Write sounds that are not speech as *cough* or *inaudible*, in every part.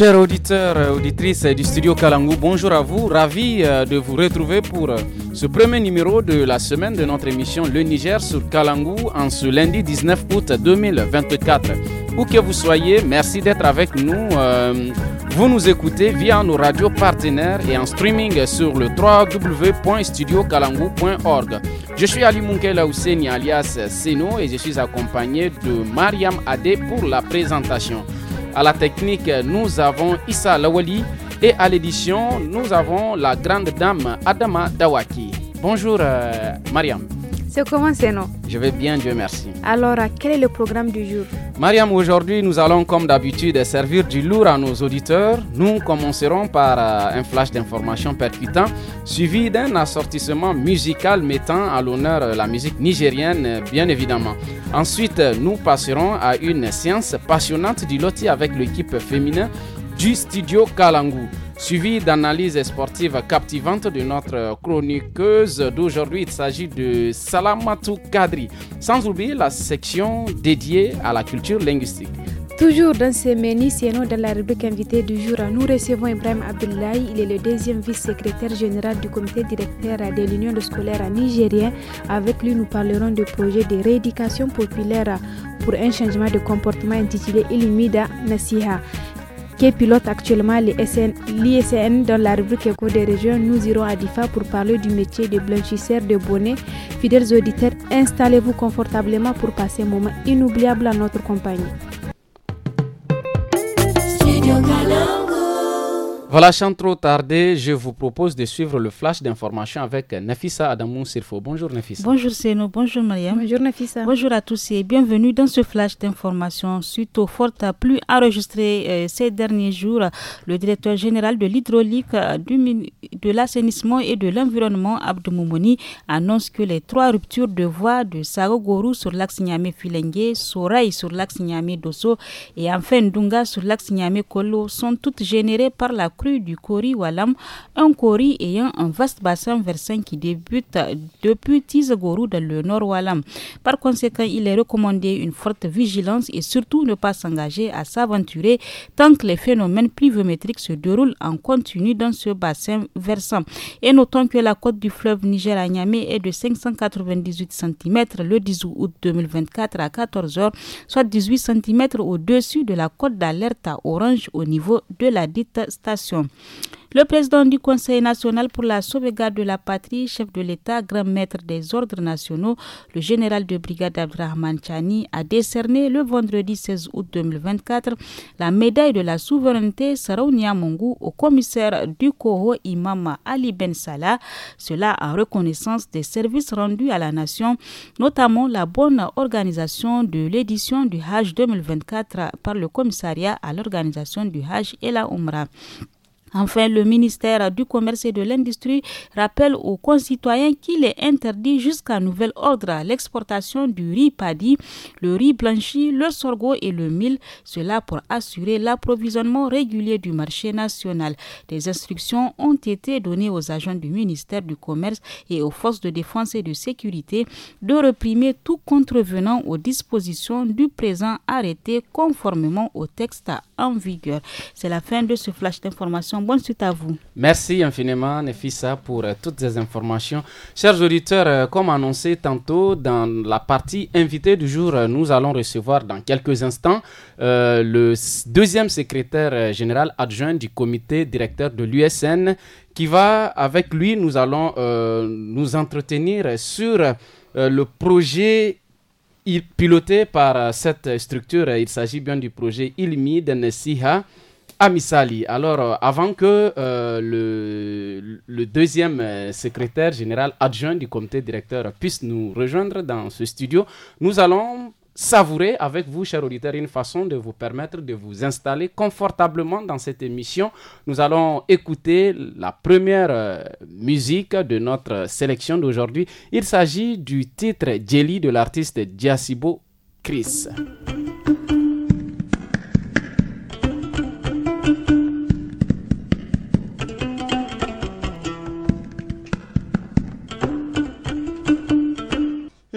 Chers auditeurs, auditrices du studio Kalangou, bonjour à vous. Ravi euh, de vous retrouver pour euh, ce premier numéro de la semaine de notre émission Le Niger sur Kalangou en ce lundi 19 août 2024. Où que vous soyez, merci d'être avec nous. Euh, vous nous écoutez via nos radios partenaires et en streaming sur le www.studiokalangu.org. Je suis Ali Munkela alias Seno et je suis accompagné de Mariam Adé pour la présentation. À la technique, nous avons Issa Lawali et à l'édition, nous avons la grande dame Adama Dawaki. Bonjour euh, Mariam. C'est comment c'est non Je vais bien, Dieu merci. Alors, quel est le programme du jour Mariam, aujourd'hui, nous allons comme d'habitude servir du lourd à nos auditeurs. Nous commencerons par euh, un flash d'informations percutant, suivi d'un assortissement musical mettant à l'honneur euh, la musique nigérienne, euh, bien évidemment. Ensuite, nous passerons à une séance passionnante du loti avec l'équipe féminin du studio Kalangu suivi d'analyses sportives captivantes de notre chroniqueuse d'aujourd'hui. Il s'agit de Salamatou Kadri, sans oublier la section dédiée à la culture linguistique. Toujours dans ces menus, nous dans la rubrique invitée du jour, nous recevons Ibrahim Abdullahi. Il est le deuxième vice-secrétaire général du comité directeur de l'Union scolaire nigérien. Avec lui, nous parlerons du projet de rééducation populaire pour un changement de comportement intitulé Illumida Nasiha qui pilote actuellement l'ISN dans la rubrique Éco des régions. Nous irons à DIFA pour parler du métier de blanchisseur de bonnet. Fidèles auditeurs, installez-vous confortablement pour passer un moment inoubliable à notre compagnie. Voilà, sans trop tarder, je vous propose de suivre le flash d'information avec Nafissa Adamou Sirfo. Bonjour Nafissa. Bonjour Seno, bonjour Mariam. Bonjour Nafissa. Bonjour à tous et bienvenue dans ce flash d'information. Suite aux fortes pluies enregistrées euh, ces derniers jours, le directeur général de l'hydraulique, euh, de l'assainissement et de l'environnement, Abdou annonce que les trois ruptures de voies de Sarogoro sur l'axe niamé filengue sur l'axe niamé dosso et enfin Dunga sur l'axe niamé kolo sont toutes générées par la du Kori Walam, un kori ayant un vaste bassin versant qui débute depuis Tizagourou dans le nord Walam. Par conséquent, il est recommandé une forte vigilance et surtout ne pas s'engager à s'aventurer tant que les phénomènes pluviométriques se déroulent en continu dans ce bassin versant. Et notons que la côte du fleuve Niger à est de 598 cm le 18 août 2024 à 14h, soit 18 cm au-dessus de la côte d'alerte à Orange au niveau de la dite station. Le président du Conseil national pour la sauvegarde de la patrie, chef de l'État, grand maître des ordres nationaux, le général de brigade Abdrahman Chani, a décerné le vendredi 16 août 2024 la médaille de la souveraineté Saraunia Mongu au commissaire du COHO, Imam Ali Ben Salah, cela en reconnaissance des services rendus à la nation, notamment la bonne organisation de l'édition du Hajj 2024 par le commissariat à l'organisation du Hajj et la Umrah. Enfin, le ministère du Commerce et de l'Industrie rappelle aux concitoyens qu'il est interdit jusqu'à nouvel ordre l'exportation du riz paddy, le riz blanchi, le sorgho et le mil, cela pour assurer l'approvisionnement régulier du marché national. Des instructions ont été données aux agents du ministère du Commerce et aux forces de défense et de sécurité de réprimer tout contrevenant aux dispositions du présent arrêté conformément au texte en vigueur. C'est la fin de ce flash d'information Bonne suite à vous. Merci infiniment, Nefissa, pour euh, toutes ces informations. Chers auditeurs, euh, comme annoncé tantôt dans la partie invitée du jour, euh, nous allons recevoir dans quelques instants le deuxième secrétaire général adjoint du comité directeur de l'USN qui va, avec lui, nous allons nous entretenir sur le projet piloté par cette structure. Il s'agit bien du projet ILMI NSIHA. Amisali, ah, alors euh, avant que euh, le, deuxième euh, secrétaire général adjoint du comité directeur puisse nous rejoindre dans ce studio, nous allons savourer avec vous, chers auditeurs, une façon de vous permettre de vous installer confortablement dans cette émission. Nous allons écouter la première musique de notre sélection d'aujourd'hui. Il s'agit du titre Jelly de l'artiste Diasibo Chris.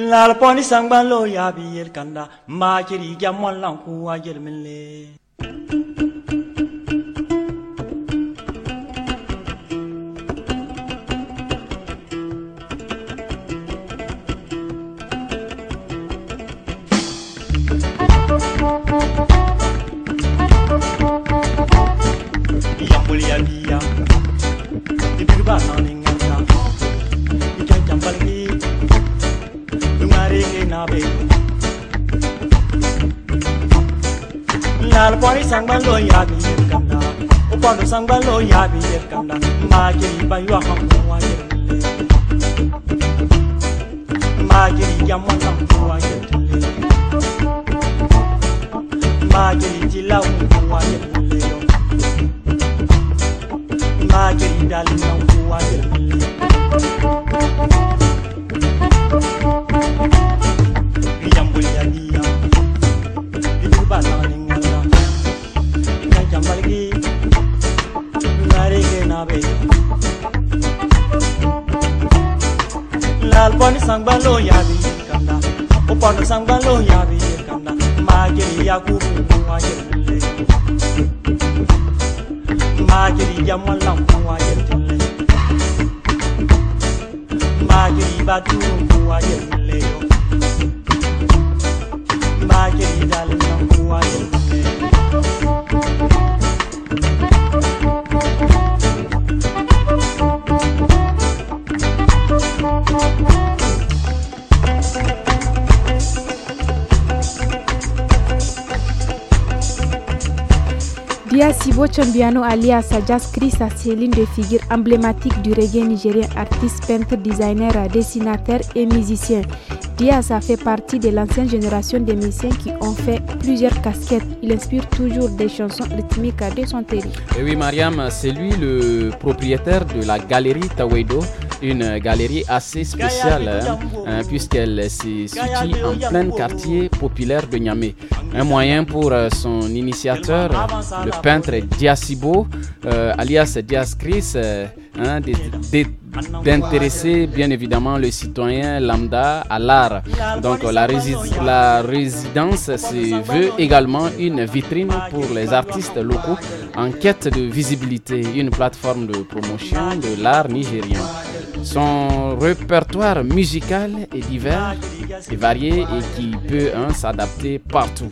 lal poni sangban lo ya bi yel kanda ma kiri sangban lo ya bi yer kamna o pa do sangban lo ya bi yer kamna ma jiri ba yu ha mo wa yer le ma jiri ya mo sam mo wa yer le ma jiri ti la mo wa yer le yo ma jiri dal mo wa yer le sang love you. Chambiano alias Sajas Chris Asseline de figures emblématiques du reggae nigérien, artiste, peintre, designer, dessinateur et musicien. Diaz a fait partie de l'ancienne génération des musiciens qui ont fait plusieurs casquettes. Il inspire toujours des chansons rythmiques de son territoire. Et eh oui, Mariam, c'est lui le propriétaire de la galerie Tawedo une galerie assez spéciale hein, hein, puisqu'elle se situe en plein quartier populaire de Niamey. Un moyen pour euh, son initiateur, le peintre Diasibo, euh, alias Dias Chris, euh, hein, d'intéresser bien évidemment le citoyen lambda à l'art. Donc la, résidence veut également une vitrine pour les artistes locaux en quête de visibilité, une plateforme de promotion de l'art nigérien. Son répertoire musical est divers et varié et qui peut hein, s'adapter partout.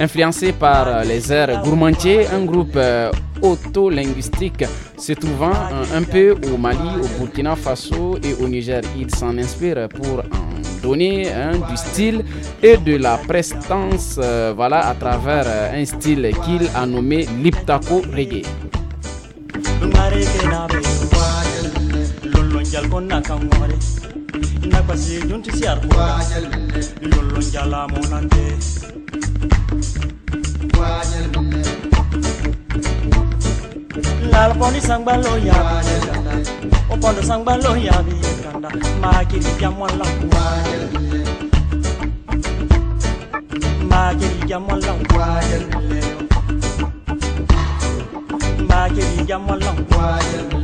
Influencé par les airs gourmandiers, un groupe euh, auto-linguistique se trouvant euh, un peu au Mali, au Burkina Faso et au Niger, il s'en inspire pour en donner hein, du style et de la prestance euh, voilà, à travers un style qu'il a nommé l'Iptako Reggae. jal kon na kan wore ina kwasi junti si arkuga yollo jala monande lal poni sangbalo ya o pondo sangbalo ya bi kanda ma kiri jamwala ma kiri jamwala ma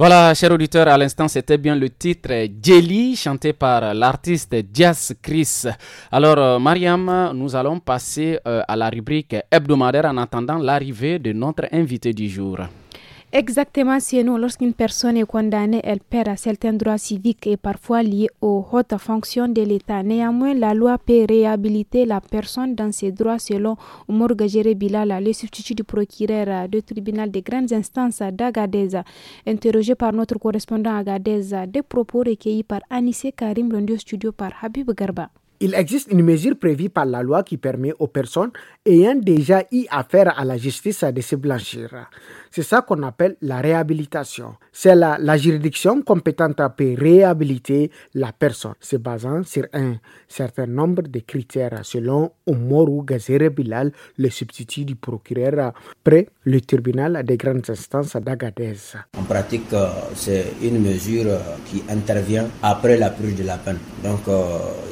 Voilà, chers auditeurs, à l'instant, c'était bien le titre Jelly, chanté par l'artiste Jazz Chris. Alors, euh, Mariam, nous allons passer euh, à la rubrique hebdomadaire en attendant l'arrivée de notre invité du jour. Exactement, nous. lorsqu'une personne est condamnée, elle perd certains droits civiques et parfois liés aux hautes fonctions de l'État. Néanmoins, la loi peut réhabiliter la personne dans ses droits selon Morgagere Bilala, le substitut du procureur de tribunal des grandes instances d'Agadeza. Interrogé par notre correspondant Agadeza, des propos recueillis par Anissé Karim, blondio studio par Habib Garba. Il existe une mesure prévue par la loi qui permet aux personnes ayant déjà eu affaire à la justice de se blanchir. C'est ça qu'on appelle la réhabilitation. C'est la, la, juridiction compétente à réhabiliter la personne, se basant sur un certain nombre de critères selon Omorou Gazere Bilal, le substitut du procureur près le tribunal des grandes instances d'Agadez. En pratique, euh, c'est une mesure euh, qui intervient après la purge de la peine. Donc, euh,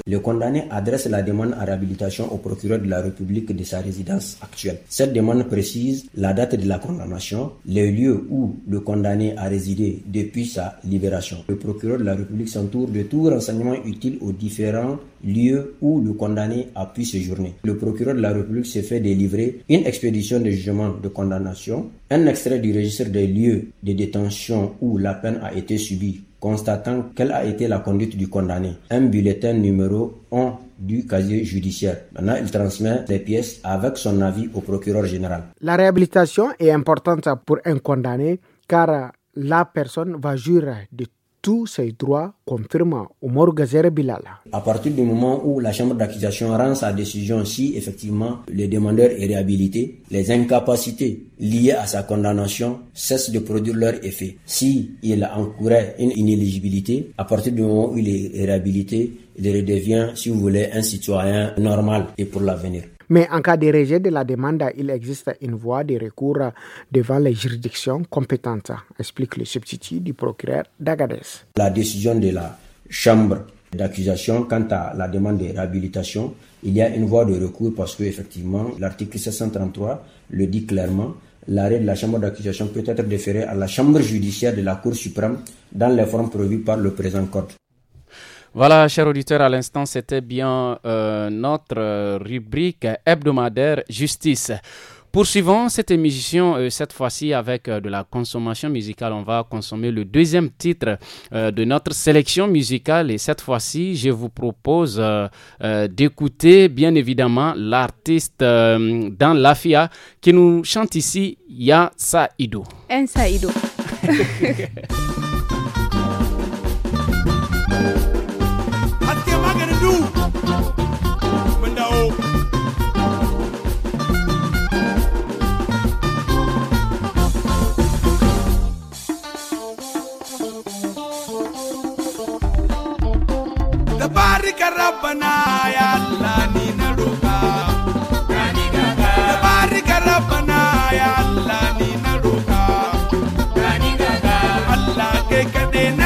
le condamné adresse la demande à réhabilitation au procureur de la République de sa résidence actuelle. Cette demande précise la date de la condamnation, les lieux où le condamné a résidé depuis sa libération. Le procureur de la République s'entoure de tout renseignement utile aux différents lieu où le condamné a pu séjourner. Le procureur de la République s'est fait délivrer une expédition de jugement de condamnation, un extrait du registre des lieux de détention où la peine a été subie, constatant quelle a été la conduite du condamné, un bulletin numéro 1 du casier judiciaire. Maintenant, il transmet les pièces avec son avis au procureur général. La réhabilitation est importante pour un condamné car la personne va jurer de tous ces droits, confirme Omar Gazer Bilala. À partir du moment où la Chambre d'accusation rend sa décision si effectivement le demandeur est réhabilité, les incapacités liées à sa condamnation cessent de produire leur effet. Si il encourait une inéligibilité, à partir du moment où il est réhabilité, il redevient, si vous voulez, un citoyen normal et pour l'avenir. Mais en cas de rejet de la demande, il existe une voie de recours devant les juridictions compétentes, explique le substitut du procureur d'Agadez. La décision de la Chambre d'accusation quant à la demande de réhabilitation, il y a une voie de recours parce que effectivement l'article 733 le dit clairement l'arrêt de la chambre d'accusation peut être déféré à la chambre judiciaire de la Cour suprême dans les formes prévues par le présent code. Voilà, chers auditeurs, à l'instant, c'était bien euh, notre rubrique hebdomadaire justice. Poursuivons cette émission, euh, cette fois-ci avec euh, de la consommation musicale. On va consommer le deuxième titre de notre sélection musicale et cette fois-ci, je vous propose d'écouter bien évidemment l'artiste dans l'AFIA qui nous chante ici Ya Saido. En Saido. *laughs* rabbana ya Allah ni na roka tabarika rabbana ya Allah ni na roka Allah kai ka na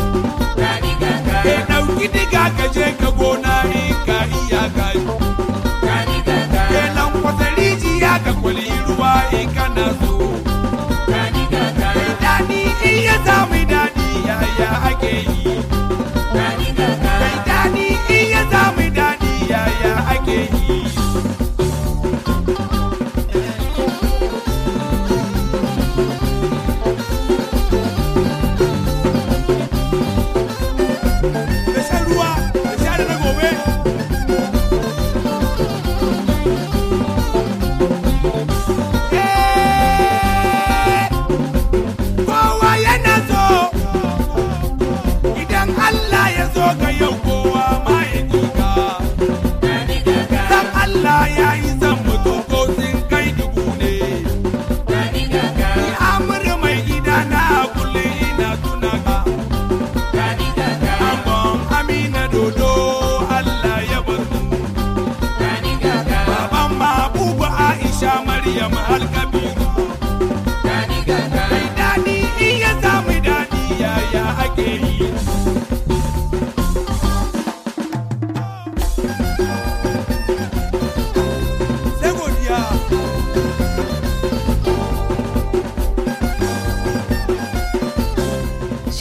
za ka je ka gona in ka iya ka yi ka kwali ruwa in eh, kana so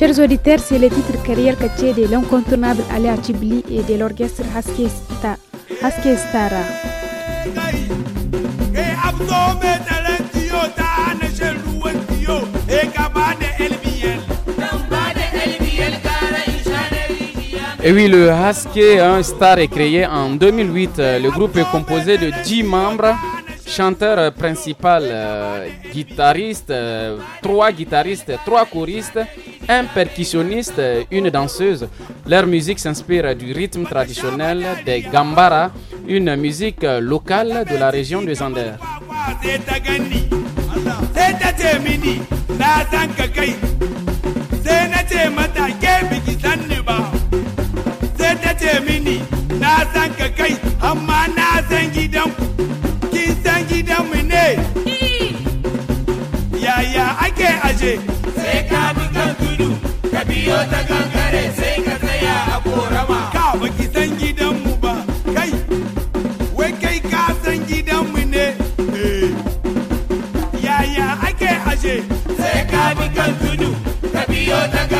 Chers auditeurs, c'est le titre Carrière Caché de l'incontournable Alea Chibli et de l'orchestre Haske Stara. Et oui, le Haske Star est créé en 2008. Le groupe est composé de 10 membres chanteurs principal, guitaristes, euh, guitariste, euh, trois guitaristes, trois choristes un percussionniste, une danseuse. Leur musique s'inspire du rythme traditionnel des Gambara, une musique locale de la région de Zander. ka biyo ta kankare sai ka tsaya a korama ka baki san gidanmu ba kai wai kai ka san gidanmu ne eh, yaya ake aje sai ka bi kan tudu ka biyo ta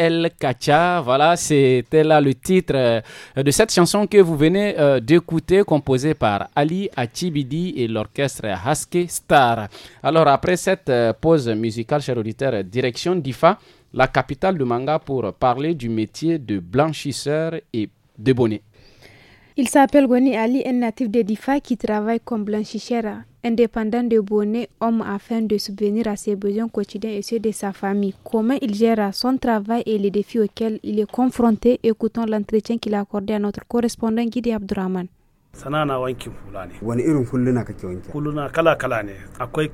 El Kacha. Voilà, c'était là le titre euh, de cette chanson que vous venez euh, d'écouter, composée par Ali Achibidi et l'orchestre Haske Star. Alors, après cette euh, pause musicale, chers auditeurs, direction d'IFA, la capitale du manga, pour parler du métier de blanchisseur et de bonnet. Il s'appelle Gwani Ali, un natif de Difa qui travaille comme Blanchichera, indépendant de bonnet homme afin de subvenir à ses besoins quotidiens et ceux de sa famille. Comment il gère son travail et les défis auxquels il est confronté, écoutons l'entretien qu'il a accordé à notre correspondant Guidi Abdurrahman. sana wani irin kake kala kala ne akwai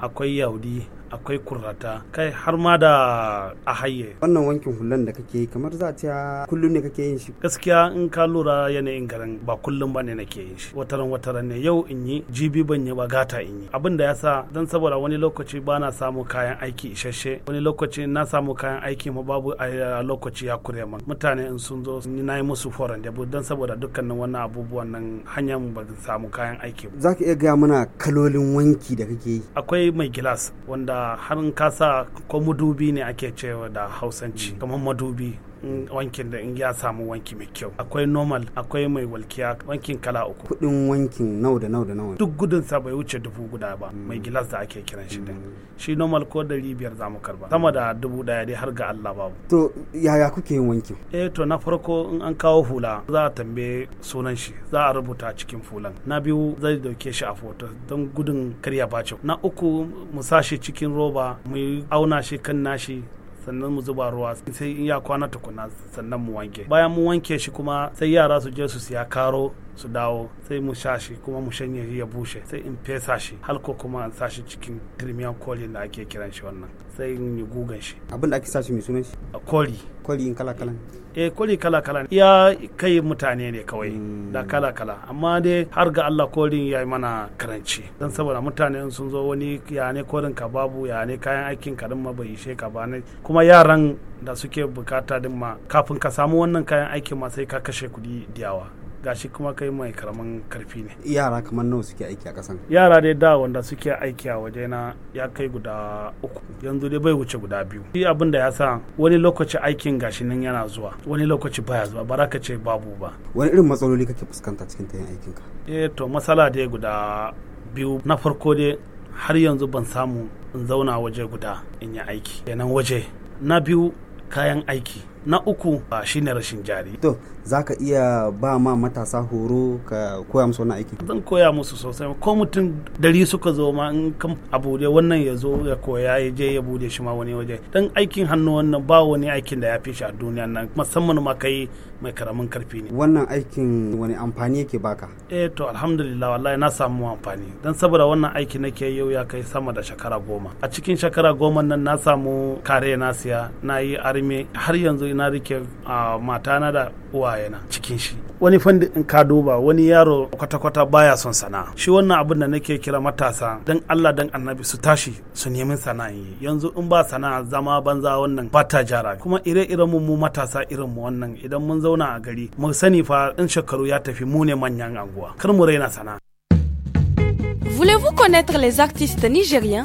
akwai yaudi akwai kurrata kai har ma da a haye wannan wankin hulan da kake yi kamar za ta kullum ne kake yin shi gaskiya in ka lura yanayin garin ba kullum ba ne nake yin shi wataran wataran ne yau in yi jibi ban yi ba gata in yi abin da yasa dan saboda wani lokaci ba na samu kayan aiki isasshe wani lokaci na samu kayan aiki ma babu a lokaci ya kure man mutane in sun zo ni na yi musu foran da dan saboda dukkanin wannan abubuwan nan hanyar ba samu kayan aiki za ka iya gaya mana kalolin wanki da kake yi akwai mai gilas wanda har in ka sa ko madubi ne ake cewa da hausanci mm. kamar madubi Mm. wankin da in ya samu wanki mai kyau akwai normal akwai mai walkiya wankin kala uku kudin wankin nau da nau da nau duk gudun sa bai wuce dubu guda ba mm. mai gilas da ake kiran shi din mm. shi normal ko dari biyar zamu karba sama da dubu daya dai har ga Allah babu to yaya kuke yin wankin eh to na farko in an kawo hula za a tambaye sunan shi za a rubuta cikin hulan. na biyu zai dauke shi a foto don gudun karya bacin na uku mu sashi cikin roba mu auna shi kan nashi sannan mu zuba ruwa sai in ya kwana tukuna sannan mu wanke bayan mu wanke shi kuma sai yara su je su siya karo su dawo sai mu sha kuma mu shanye shi ya bushe sai in fesa shi halko kuma in sa cikin tirmiyan kolin da ake kiran shi wannan sai in yi gugan shi abin da ake sa shi mai sunan shi koli koli in kala kala eh koli kala kala ya kai mutane ne kawai da hmm. kala kala amma dai har ga Allah kolin ya yi mana karanci dan saboda mutane sun zo wani ya ne korin ka babu ya ne kayan aikin ka ma bai ishe ka ba ne kuma yaran da suke bukata din ma kafin ka samu wannan kayan aikin ma sai ka kashe kuɗi diyawa. gashi kuma kai mai karaman karfi ne yara kamar nawa suke aiki a kasan yara dai da wanda suke aiki a waje na ya kai guda uku yanzu dai bai wuce guda biyu shi abin da ya sa wani lokaci aikin gashi nan yana zuwa wani lokaci baya zuwa ba ka ce babu ba wani irin matsaloli kake fuskanta cikin tayin ka. eh to matsala dai guda biyu na farko dai har yanzu ban samu in zauna waje guda in yi aiki kenan waje na biyu kayan aiki na uku shine rashin jari to za ka iya ba ma matasa horo ka koya musu wani aiki zan koya musu sosai ko mutum dari suka zo ma in kan abuɗe wannan ya zo ya koya ya je ya bude shi ma wani waje dan aikin hannu wannan ba wani aikin da ya fi shi a duniya nan musamman ma kai mai karamin karfi ne wannan aikin wani amfani yake baka eh to alhamdulillah wallahi na samu amfani dan saboda wannan aiki nake yau ya kai sama da shekara goma a cikin shekara goma nan na samu kare na siya na yi arme har yanzu na rike a matana da uwayena cikin shi wani fandi in ka duba wani yaro kwata-kwata baya son sana. shi wannan abin da nake kira matasa dan Allah dan annabi su tashi su nemi sana'i yanzu in ba sana'a zama banza wannan ba ta jara kuma ire-iren mu matasa irin mu wannan idan mun zauna a gari mu sani fa in shekaru ya tafi mu ne manyan anguwa kar mu raina sana'a Voulez-vous connaître les artistes nigériens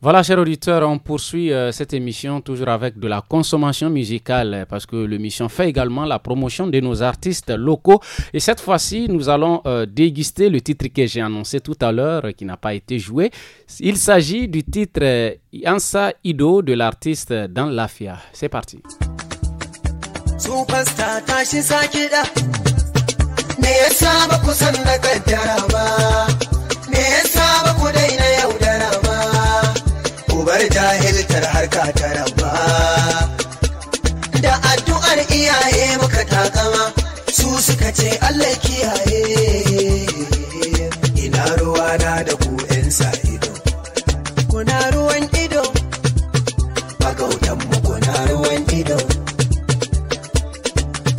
Voilà, chers auditeurs, on poursuit euh, cette émission toujours avec de la consommation musicale parce que l'émission fait également la promotion de nos artistes locaux. Et cette fois-ci, nous allons euh, déguster le titre que j'ai annoncé tout à l'heure qui n'a pas été joué. Il s'agit du titre Yansa euh, Ansa Ido de l'artiste Dan Lafia. C'est parti. bar jahiltar harka ta rabba da addu'ar iyaye muka takama su suka ce Allah kiyaye ina ruwa na da ku yan sa ido kuna ruwan ido magautan mu kuna ruwan ido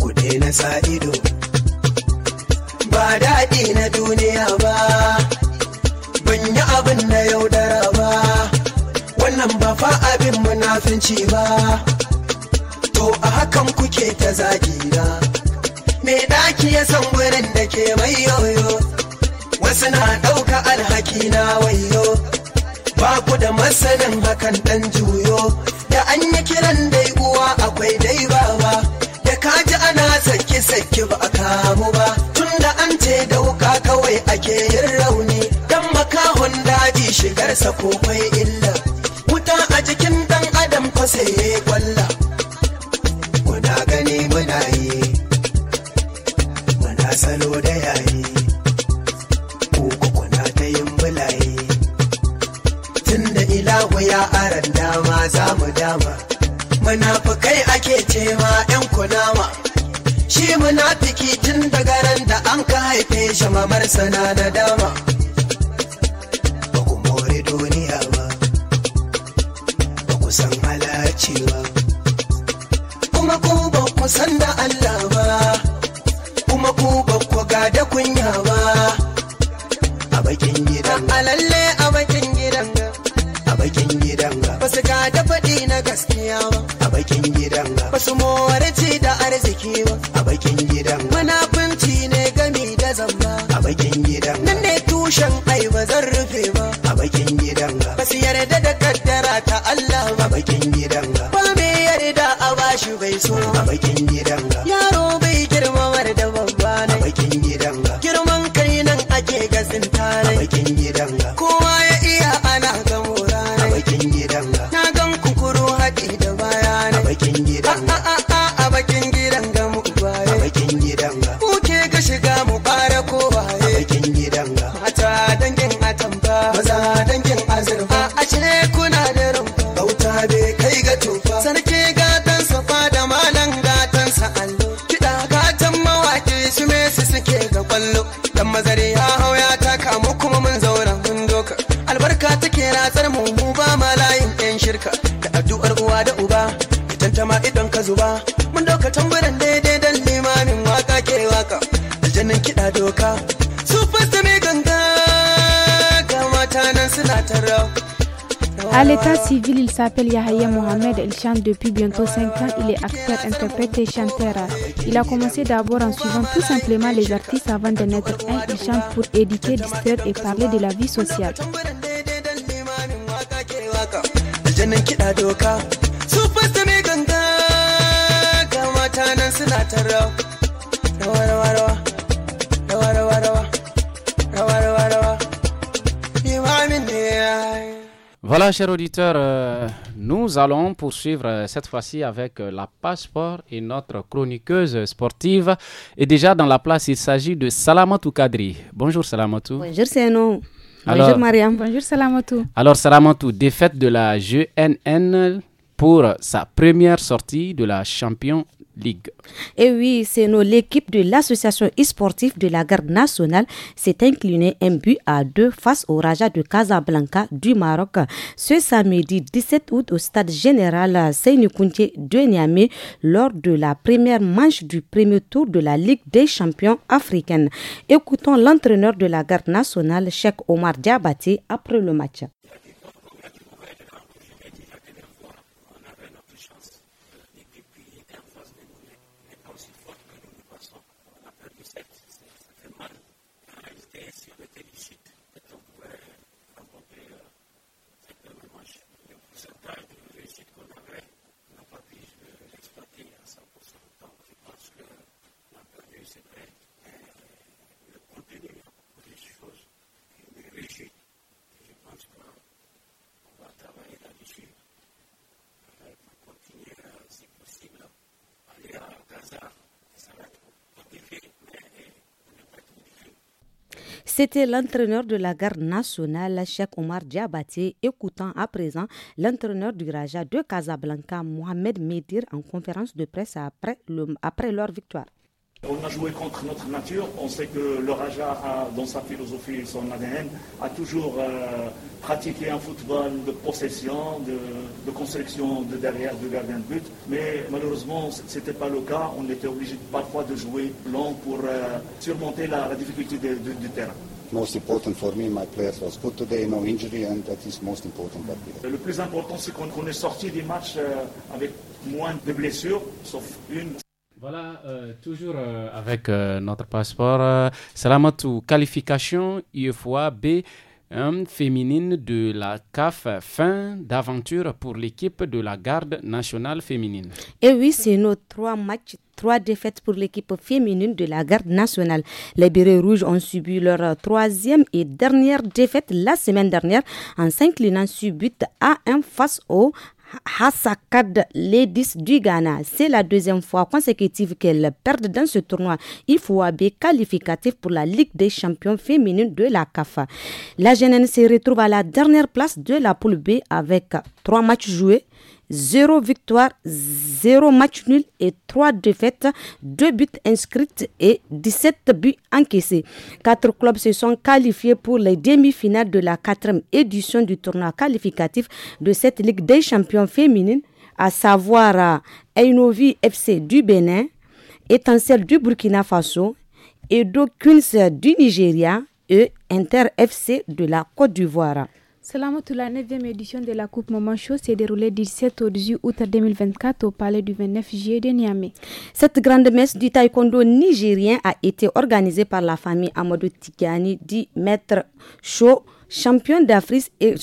ku na sa ido ba daɗi na duniya ba munafinci ba to a hakan kuke ta zagira me daki ya san wurin da ke mai yoyo wasu na ɗauka alhaki na wayo ba ku da masanin hakan ɗan juyo da an yi kiran dai uwa akwai dai baba da kaji ana saki-saki ba a kamu ba tun da an ce dauka kawai ake yin rauni dan makahon daji shigarsa ko kwai illa wuta a jikin dan fasa ya kwalla muna gani muna yi muna salo da yayi ko kuna ta yin bulaye tun da ilahu ya aran dama za mu dama munafukai ake cema yan kunama shi munafiki tun daga ran da an ka haife shi mamar sana na dama san da Allah ba kuma ku bakwa ga da kunya ba a bakin gidan a lalle a bakin gidan ga. a bakin gidan ga. ba su ga da faɗi na gaskiya ba a bakin gidan ga. ba su ci da arziki ba a bakin gidan ga. munafunci ne gami da zamba a bakin gidan ga. nan ne tushen ai ba zan rufe ba a bakin gidan ga. ba su yarda da kaddara ta Allah ba a bakin gidan shi bai so a bakin gidan yaro s'appelle Yahya Mohamed, il chante depuis bientôt 5 ans, il est acteur, interprète et chanteur. Il a commencé d'abord en suivant tout simplement les artistes avant de naître un, il chante pour éduquer, distraire et parler de la vie sociale. Voilà, chers auditeurs, euh, nous allons poursuivre euh, cette fois-ci avec euh, la passeport et notre chroniqueuse sportive. Et déjà dans la place, il s'agit de Salamatou Kadri. Bonjour Salamatou. Bonjour Seno. Bonjour Mariam. Bonjour Salamatou. Alors Salamatou, défaite de la GNN pour sa première sortie de la championne. Et oui, c'est nous, l'équipe de l'association e-sportive de la garde nationale s'est inclinée un but à deux face au Raja de Casablanca du Maroc ce samedi 17 août au stade général Seynoukounté de Niamey lors de la première manche du premier tour de la Ligue des champions africaine. Écoutons l'entraîneur de la garde nationale, Cheikh Omar Diabati, après le match. C'était l'entraîneur de la garde nationale, Cheikh Omar Diabaté, écoutant à présent l'entraîneur du Raja de Casablanca, Mohamed Medir, en conférence de presse après leur victoire. On a joué contre notre nature. On sait que le Raja, a, dans sa philosophie, et son ADN, a toujours euh, pratiqué un football de possession, de, construction de derrière de gardien de but. Mais malheureusement, ce n'était pas le cas. On était obligé parfois de jouer long pour euh, surmonter la, difficulté du terrain. Le plus important, c'est qu'on est sorti des matchs euh, avec moins de blessures, sauf une. Voilà, euh, toujours euh, avec euh, notre passeport. Salamatou, qualification UFOA B hein, féminine de la CAF, fin d'aventure pour l'équipe de la garde nationale féminine. Et oui, c'est nos trois matchs trois défaites pour l'équipe féminine de la garde nationale. Les Bérets Rouges ont subi leur troisième et dernière défaite la semaine dernière en s'inclinant sur but à 1 face au Hassakad, Ladies du Ghana. C'est la deuxième fois consécutive qu'elle perd dans ce tournoi Il faut IFOAB qualificatif pour la Ligue des champions féminines de la CAFA. La GNN se retrouve à la dernière place de la poule B avec trois matchs joués 0 victoire, 0 match nul et 3 défaites, 2 buts inscrits et 17 buts encaissés. Quatre clubs se sont qualifiés pour les demi-finales de la quatrième édition du tournoi qualificatif de cette Ligue des champions féminines, à savoir Ainovi euh, FC du Bénin, Étincelle du Burkina Faso, Edo Kunz du Nigeria et Inter FC de la Côte d'Ivoire la 9e édition de la Coupe Moment Show s'est déroulée du 17 au 18 août 2024 au palais du 29 juillet de Niamey. Cette grande messe du taekwondo nigérien a été organisée par la famille Amadou Tigani, dit maître Cho, champion d'Afrique et,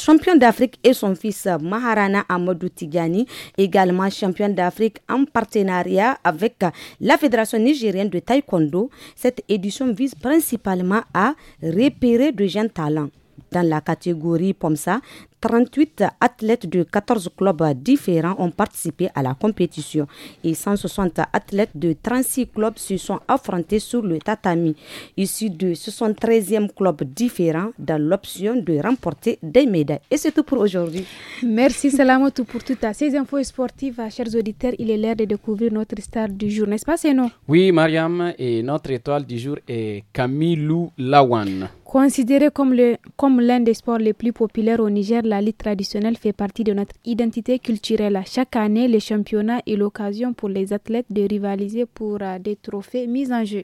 et son fils Maharana Amadou Tigani, également champion d'Afrique en partenariat avec la Fédération nigérienne de taekwondo. Cette édition vise principalement à repérer de jeunes talents. Dans la catégorie POMSA, 38 athlètes de 14 clubs différents ont participé à la compétition et 160 athlètes de 36 clubs se sont affrontés sur le tatami, issus de 73e clubs différents dans l'option de remporter des médailles. Et c'est tout pour aujourd'hui. Merci Salamotou pour toutes ces infos sportives. Chers auditeurs, il est l'heure de découvrir notre star du jour, n'est-ce pas, non Oui, Mariam, et notre étoile du jour est Camille Lawan. Considéré comme l'un des sports les plus populaires au Niger, la lutte traditionnelle fait partie de notre identité culturelle. Chaque année, les championnats et l'occasion pour les athlètes de rivaliser pour euh, des trophées mis en jeu.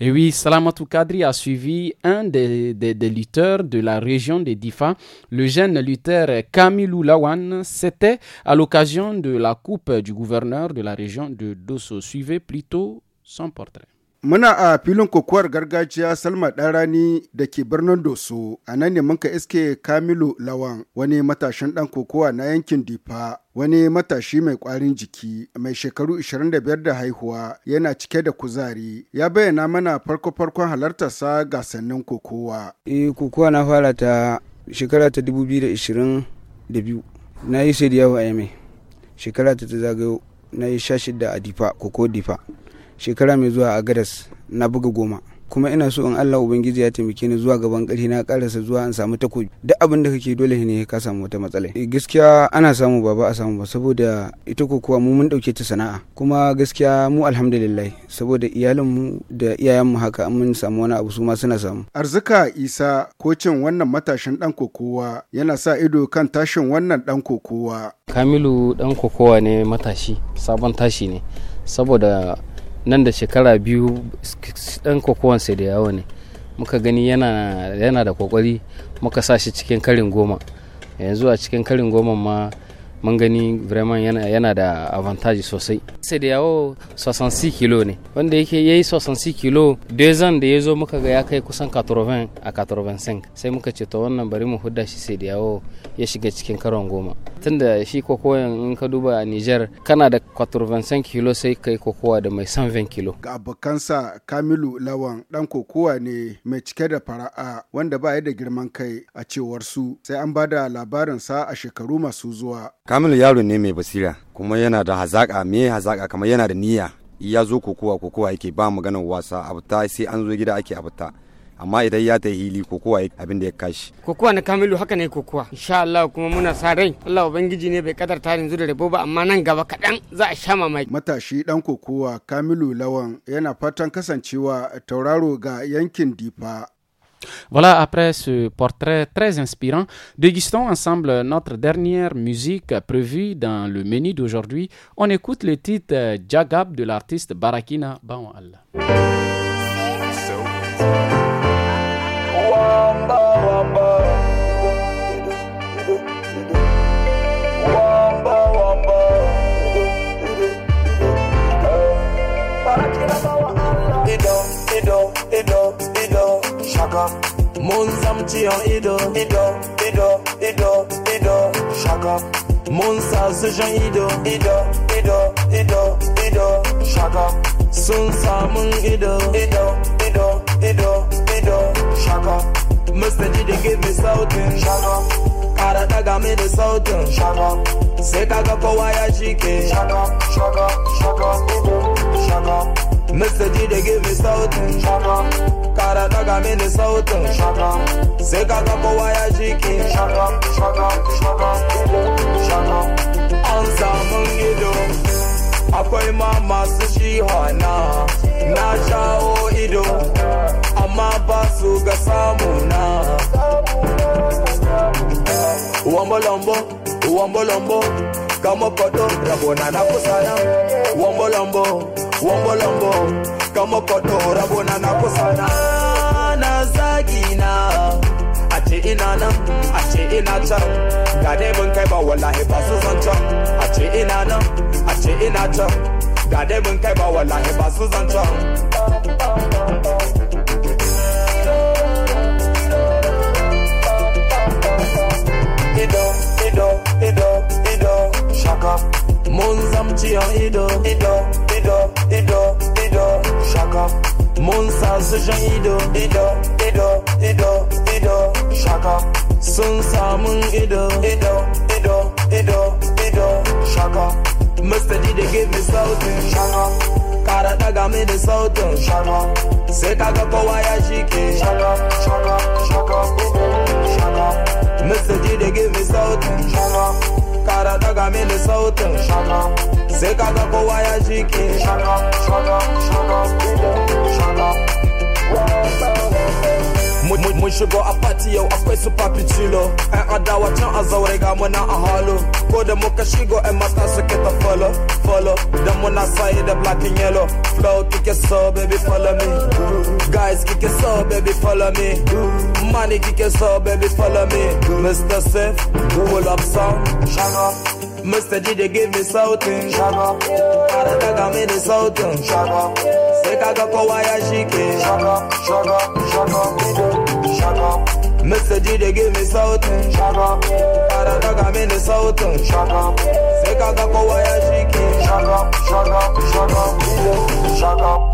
Et oui, Salamatou Kadri a suivi un des, lutteurs de la région des Difa, le jeune lutteur Kamilou Lawan. C'était à l'occasion de la coupe du gouverneur de la région de Dosso. Suivez plutôt son portrait. Muna a filin kokowar gargajiya Salma Ɗarani da ke birnin Doso, a nan ne muka iske Kamilu Lawan, wani matashin ɗan kokowa na yankin Difa, wani matashi mai ƙwarin jiki, mai shekaru 25 da haihuwa, yana cike da kuzari. Ya bayyana mana farko-farkon halartarsa gasannin kokowa. Eh, kokowa na fara ta shekara ta 2022. Na yi sai da yawa a mai Shekara ta ta zagayo, na yi sha da a Difa, koko Difa. shekara mai zuwa a gadas na buga goma kuma ina so in Allah ubangiji ya taimake ni zuwa gaban ƙarfi na ƙarasa zuwa in samu takobi duk abin da kake dole ne ka samu wata matsala eh, gaskiya ana samu ba ba a samu ba saboda ita ko kuwa mu mun dauke ta sana'a kuma gaskiya mu alhamdulillah saboda iyalin mu da iyayen mu haka mun samu wani abu su ma suna samu arzika isa kocin wannan matashin dan kokowa yana sa ido kan tashin wannan dan kokowa kamilu dan kokowa ne matashi sabon tashi ne saboda nan da shekara biyu ɗan sai da yawo ne muka gani yana da kwakwari muka sa shi cikin karin goma yanzu a cikin karin goma ma mun gani vraiment yana, yana da avantage sosai sai da yawo 66 kilo ne wanda yake yayi 66 kilo dezan da ya zo muka ga ya kai kusan 80 a 85 sai muka ce to wannan bari mu hudda shi sai da yawo ya shiga cikin karon goma tunda shi koko in ka duba a Niger kana da 85 kilo sai kai kokowa da mai 120 kilo ga abokansa Kamilu Lawan dan kokowa ne mai cike da fara'a wanda ba ya da girman kai a cewar su sai an bada labarin sa a shekaru masu zuwa Kamilu yaro ne mai basira kuma yana da hazaka me hazaka kamar yana da niyya ya zo kokowa kokowa yake ba maganar wasa abuta sai an zo gida ake abuta amma idan ya ta hili kokowa abin da ya kashi kokowa na kamilu haka ne kokowa insha Allah kuma muna sa rai Allah ubangiji ne bai kadar ta yanzu da rabo ba amma nan gaba kaɗan za a sha mamaki matashi dan kokowa kamilu lawan yana fatan kasancewa tauraro ga yankin difa Voilà, après ce portrait très inspirant, dégustons ensemble notre dernière musique prévue dans le menu d'aujourd'hui. On écoute le titre euh, Jagab de l'artiste Barakina Bawal. Shaka. Munza mtio ido, ido, ido, ido, ido, shaka. Munza sujan ido, ido, ido, ido, ido, shaka. sun sa mun ido, ido, ido, ido, ido, shaka. Mr. Diddy give me something, shaka. Cara da game de soltão Chaga Cê caga com a shaka, shaka, chaga, chaga Chaga Mr. G, they give me something. Cara daga me the something. Say kaka po waya jiki. Shut up, shut up, shut up, shut up. Ansa mungido. Akwai mama su shi hana. Na shawo ido. Amma ba su ga samu Wombo lombo, wombo lombo. Kamo kodo, rabona na kusala. Wombo lombo wongolongo kama kodora bonana kusana na zagina ace ina nan ace ina can ga dai mun kai ba wallahi ba su san can ace ina nan ace ina can ga dai kai ba wallahi ba su san ido, ido, ido, shaka. Mun zamci ya ido, ido, ido, ido, ido, shaka. Monsa sujan ido, ido, ido, ido, ido, shaka. Sun samun ido, ido, ido, ido, ido, shaka. Mr. D, they give me something, shaka. Kara daga me da sautin, shaka. Seka kaga kowa shaka, shaka, shaka, shaka. Mr. D, they give me something, shaka cara da gamele soltão. Zé cada coaia de que. Xaga, xaga, xaga, xaga. Mun shigo a fati yau akwai su papi cilo Yan adawa can a zaure ga muna a halo Ko da muka shigo yan mata suke ta follow follow Da muna saye da black and yellow Flow kike so baby follow me Guys kike so baby follow me Money kike so baby follow me Mr. Safe, Google up sound Shut Mr. DJ give me something Shut up got me the something Take a go wire shiki. Shut up, shut up, shut up, shut up. Mr. G, they give me something. Shut up. Para dog, I'm in the southern. Shut up. Say, I got she shiki. Shut up, shut up, shut up, shut up.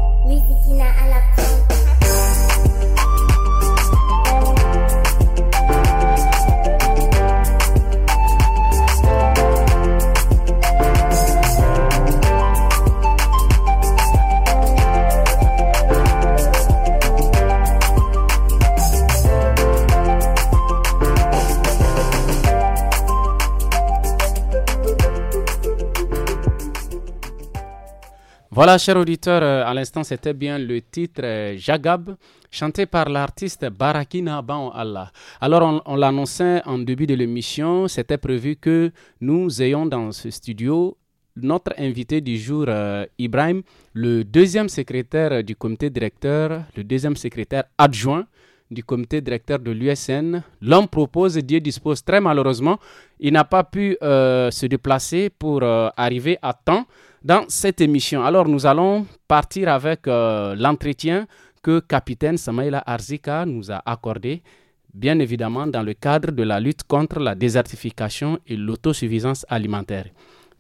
Voilà, chers auditeurs, euh, à l'instant, c'était bien le titre euh, Jagab, chanté par l'artiste Barakina Ban Allah. Alors, on, l'annonçait en début de l'émission, c'était prévu que nous ayons dans ce studio notre invité du jour, euh, Ibrahim, le deuxième secrétaire du comité directeur, le deuxième secrétaire adjoint du comité directeur de l'USN. L'homme propose, Dieu dispose. Très malheureusement, il n'a pas pu se déplacer pour arriver à temps dans cette émission. Alors nous allons partir avec euh, l'entretien que capitaine Samaïla Arzika nous a accordé, bien évidemment dans le cadre de la lutte contre la désertification et l'autosuffisance alimentaire.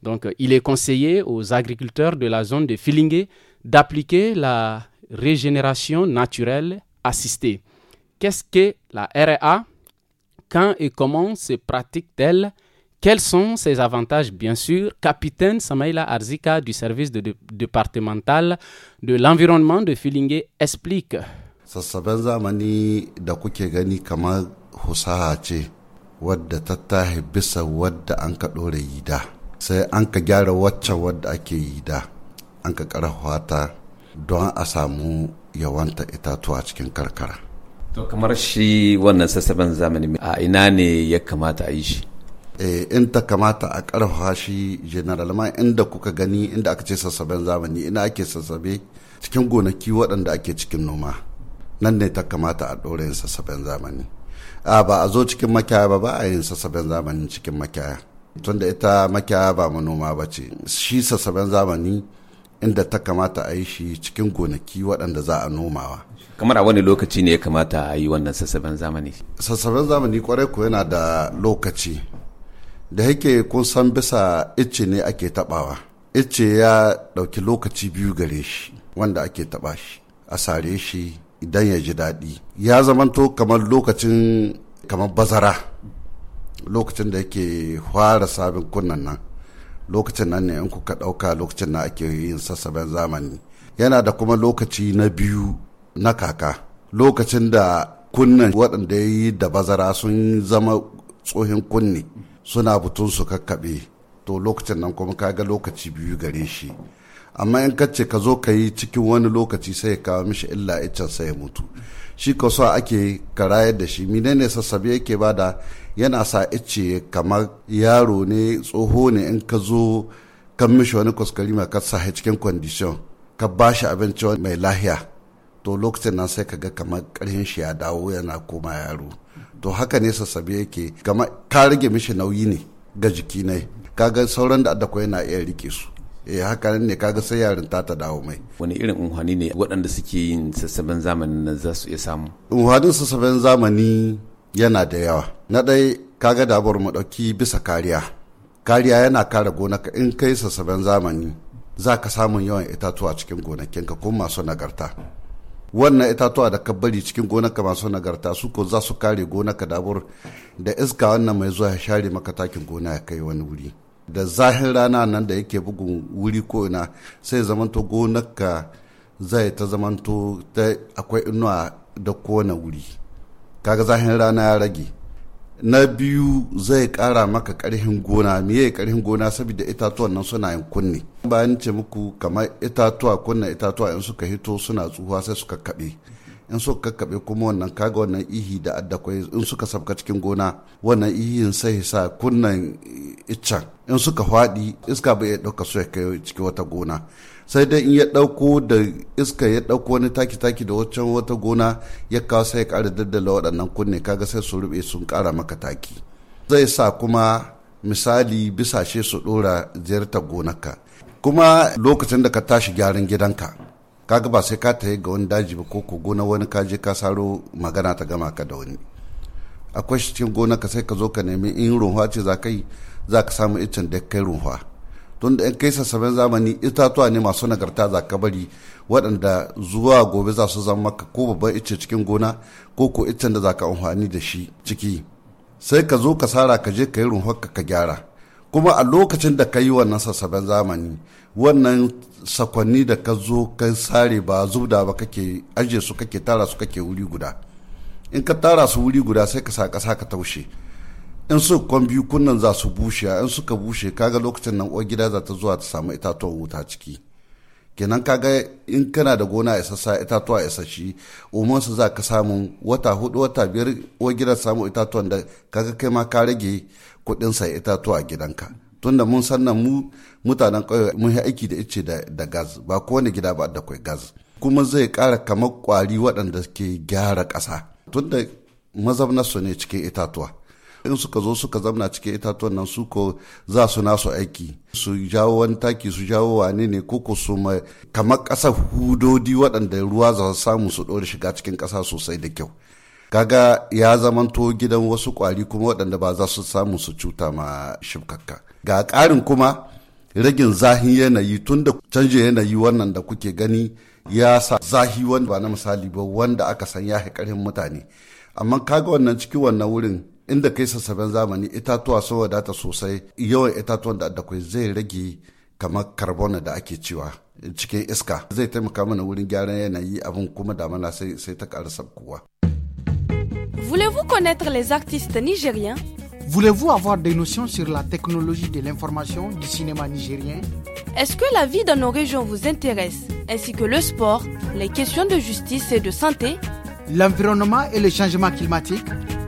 Donc euh, il est conseillé aux agriculteurs de la zone de Filingué d'appliquer la régénération naturelle assistée. Qu'est-ce que la RA Quand et comment se pratique-t-elle quels sont ces avantages Bien sûr, capitaine Samaïla Arzika du service départemental de l'environnement de Filingué explique. Sassaben zamani da kuke gani kamar husaha ce wadda ta tahi bisa wadda an ka ɗora yi da sai an ka gyara waccan wadda ake yi da an ka ƙarfafa ta don a samu yawanta itatuwa cikin karkara. To kamar shi wannan sassaben zamani a ina ne ya kamata a yi shi? Eh, in ta kamata a ƙarfafa shi general ma inda kuka gani inda aka ce sassaben zamani ina ake sassabe cikin gonaki waɗanda ake cikin noma nan ne ta kamata a ɗora yin sassaben zamani a ba a zo cikin makiyaya ba ba a yin sassaben zamani cikin makiyaya tunda ita makiyaya ba manoma ba ce shi sassaben zamani inda ta kamata a yi shi cikin gonaki waɗanda za a nomawa. kamar a wani lokaci ne ya kamata a yi wannan sassaben zamani sassaben zamani kwarai ko yana da lokaci da yake kun san bisa ice ne ake taɓawa. icce ya ɗauki lokaci biyu gare shi wanda ake taba shi a sare shi idan ya ji daɗi ya zamanto kamar lokacin kamar bazara lokacin da yake fara sabin kunnan nan lokacin nan ne in kuka ɗauka lokacin na ake yin sassaben zamani yana da kuma lokaci na biyu na kaka lokacin da kunnan waɗanda ya yi da bazara sun zama tsohin kunne suna butun su kakkaɓe to lokacin nan kuma ka ga lokaci biyu gare shi amma in ka ce ka zo ka yi cikin wani lokaci sai ya kawo mishi illa iccen sai ya mutu shi ka so ake karayar da shi menene sassabe yake da yana sa icce kamar yaro ne tsoho ne in ka zo kan mishi wani kuskure ma ka sa cikin kwandishon ka ba shi abinci mai lahiya to lokacin nan sai ka ga kamar ƙarshen shi ya dawo yana koma yaro to haka ne sassabe yake kama ka rage mishi nauyi ne ga jiki ne kaga sauran da adda na iya rike su eh haka ne kaga sai yarin ta ta dawo mai wani irin unhani ne waɗanda suke yin sassaben zamani na za su iya samu unhwanin sassaben zamani yana da yawa na ɗaya kaga dabar mu ɗauki bisa kariya kariya yana kare ka in kai sassaben zamani za ka samun yawan itatuwa cikin gonakinka kuma masu nagarta wannan itatuwa da ka bari cikin gonarka masu nagarta su ko za su kare gonarka abur da iska wannan mai zuwa ya share maka takin gona ya kai wani wuri da zahin rana nan da yake bugun wuri ko ina sai zamanto gonarka zai ta zamanto akwai inuwa da kowane wuri kaga zahin rana ya rage na biyu zai kara maka karhin gona me miye karhin gona saboda itatuwan nan suna yin kunne bayan ce muku kamar itatuwa kunna itatuwa in suka hito suna tsuhuwa sai suka kaɓe in suka kakkaɓe kuma wannan kaga wannan ihi da addakwai in suka sabka cikin gona wannan ihin sai sa kunnan iccen in suka faɗi iska bai ya ɗauka su ya kai cikin wata gona sai dai in ya ɗauko da iska ya ɗauko wani taki-taki da waccan wata gona ya kawo sai ya ƙara daddala waɗannan kunne kaga sai su rube sun ƙara maka taki zai sa kuma misali bisa bisashe su ɗora ziyartar gonarka kuma lokacin da ka tashi gyaran gidanka kaga ba sai ka tafi ga wani daji ba ko ko gona wani ka je ka saro magana ta gama ka da wani akwai cikin gona ka sai ka zo ka nemi in runhuwa ce za ka yi za ka samu iccen da kai runhuwa tunda in in kai sassaben zamani itatuwa ne masu nagarta za ka bari waɗanda zuwa gobe za su zama maka ko babban icce cikin gona ko ko iccen da za ka amfani da shi ciki sai ka zo ka sara ka je ka yi runhonka ka gyara kuma a lokacin da ka yi wannan sassaben zamani wannan sakwanni da ka zo ka sare ba zubda ba kake aje su kake tara su kake wuri guda in ka tara su wuri guda sai ka sa ƙasa ka taushe in su kwan kunnan za su bushe in suka bushe kaga lokacin nan uwar gida za ta zuwa ta samu itatuwa wuta ciki kenan kaga in kana da gona isassa itatuwa isasshi umar su za ka samu wata hudu wata biyar uwar gida samu itatuwan da kaga kai ma ka rage kuɗin sai itatuwa gidanka tunda mun san nan mu mutanen ƙauye mun yi aiki da ice da gas ba kowane gida ba da kwai gas kuma zai ƙara kamar kwari waɗanda ke gyara ƙasa tunda mazabnarsu ne cikin itatuwa in suka zo suka zamna cikin itatuwan nan su ko za su nasu aiki su jawo wani taki su jawo wane ne ko su mai kamar ƙasa hudodi waɗanda ruwa za su samu su ɗora shiga cikin ƙasa sosai da kyau kaga ya zamanto gidan wasu kwari kuma waɗanda ba za su samu su cuta ma shimkakka ga ƙarin kuma ragin zahin yanayi tun da canjin yanayi wannan da kuke gani ya sa zahi wanda ba na misali ba wanda aka san ya haƙarin mutane amma kaga wannan cikin wannan wurin inda kai sassaben zamani itatuwa sun wadata sosai yawan itatuwan da akwai zai rage kamar carbon da ake cewa cikin iska zai taimaka mana wurin gyaran yanayi abin kuma damana sai sai ta ƙara sabkowa. Voulez-vous connaître les artistes nigériens? Voulez-vous avoir des notions sur la technologie de l'information du cinéma nigérien Est-ce que la vie dans nos régions vous intéresse, ainsi que le sport, les questions de justice et de santé L'environnement et le changement climatique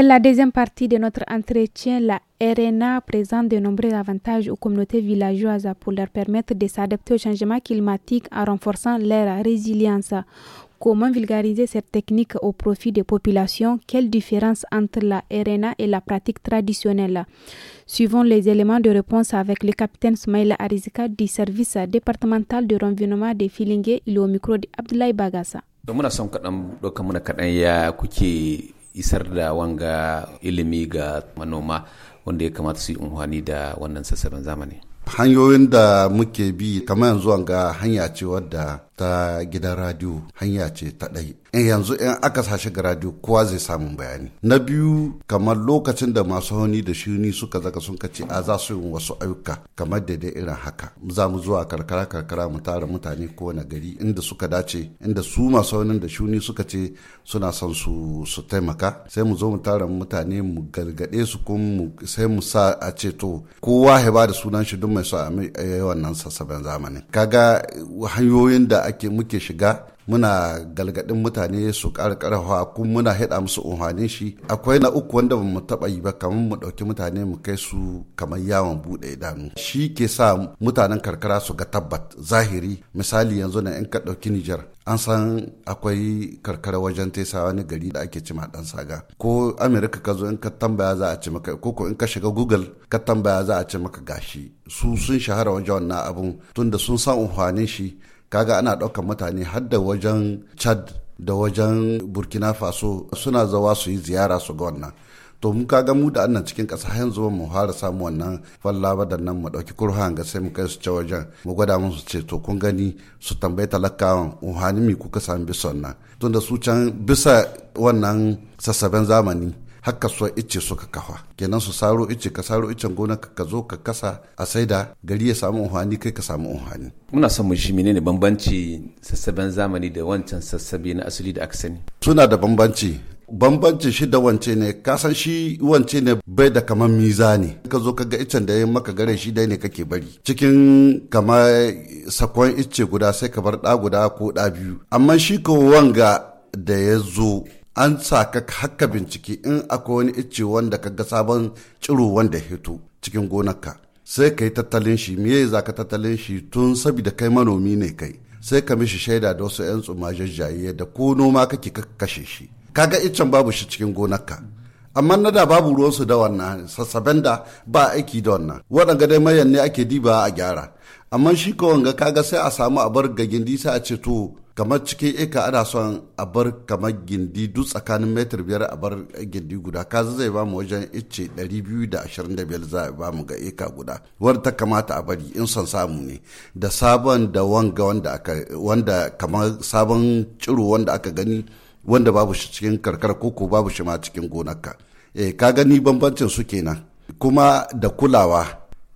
C'est la deuxième partie de notre entretien, la RNA présente de nombreux avantages aux communautés villageoises pour leur permettre de s'adapter au changement climatique en renforçant leur résilience. Comment vulgariser cette technique au profit des populations Quelle différence entre la RNA et la pratique traditionnelle Suivons les éléments de réponse avec le capitaine Smaïla Arizika du service départemental de renvironnement des filingués, Il est au micro Bagassa. isar da wanga ilimi ga manoma wanda ya kamata su yi unhwani da wannan sassaben zamani hanyoyin da muke bi kamar yanzu ga hanya ce wadda ta gidan radiyo hanya ce ta ɗai in eh, yanzu in aka sashi ga radio kowa zai samun bayani na biyu kamar lokacin da masu hauni da shuni suka zaka sun kace a za su yi wasu ayyuka kamar da dai irin haka za mu zuwa karkara karkara mu tara mutane na gari inda suka dace inda su masu hauni da shuni suka ce suna son su su taimaka sai mu zo mu tara mutane mu gargade su mu sai mu sa a ce to kowa ya ba da sunan shi duk mai so a wannan sassaben zamanin kaga hanyoyin da ake muke shiga muna galgadin mutane su ƙara ƙarawa kun muna haɗa musu umarnin shi akwai na uku wanda ba mu taɓa yi ba kamar mu ɗauki mutane mu kai su kamar yawon buɗe idanu shi ke sa mutanen karkara su ga tabbat zahiri misali yanzu na in ka ɗauki Nijar an san akwai karkara wajen tesa wani gari da ake cima dan saga ko amerika ka zo in ka tambaya za a ci maka ko in ka shiga google ka tambaya za a ci maka gashi su sun shahara wajen wannan abun tunda sun san umarnin shi kaga ana ɗaukar mutane har da wajen chad da wajen burkina faso suna zawa su yi ziyara su ga wannan to mu kaga mu da annan cikin ƙasa har yanzu mu fara samu wannan fallaba da nan mu ɗauki kurhan ga sai mu kai su ce wajen mu gwada musu ce to kun gani su tambayi talakawan uhani mi kuka sami bisan nan tunda su can bisa wannan sassaben zamani har ice icce suka kafa kenan su saro icce ka saro iccen gona ka zo ka kasa a saida gari ya samu unhani kai ka samu unhani muna son mu shi menene bambanci sassaben zamani da wancan sassabe na asali da aka sani suna da bambanci bambancin shi da wance ne kasan shi wance ne bai da kamar ne ka zo kaga icen da ya maka gare shi dai ne kake bari cikin kama sakon ice guda sai ka bar da guda ko da biyu amma shi ko wanga da ya zo an sa ka haka binciki in akwai wani icce wanda ka ga sabon ciro wanda hito cikin gonarka sai ka yi tattalin shi me za ka tattalin shi tun saboda kai manomi ne kai sai ka mishi shaida da wasu 'yan tsumajajjaye da ko noma kake kashe shi kaga iccen babu shi cikin gonarka amma na da babu ruwan su da wannan sassaben da ba aiki da wannan waɗanga dai mayan ne ake diba a gyara amma shi ka wanga kaga sai a samu a bar gagin sai a ce to kamar cikin eka ana son a bar kamar gindi duk tsakanin metar biyar a bar gindi guda kaza zai ba mu wajen ice 225 za a bamu ga eka guda wanda ta kamata a bari in son samu ne da sabon da wanga wanda aka wanda kamar sabon ciro wanda aka gani wanda babu shi cikin karkara ko babu shi ma cikin gonarka eh ka gani bambancin su kenan kuma da kulawa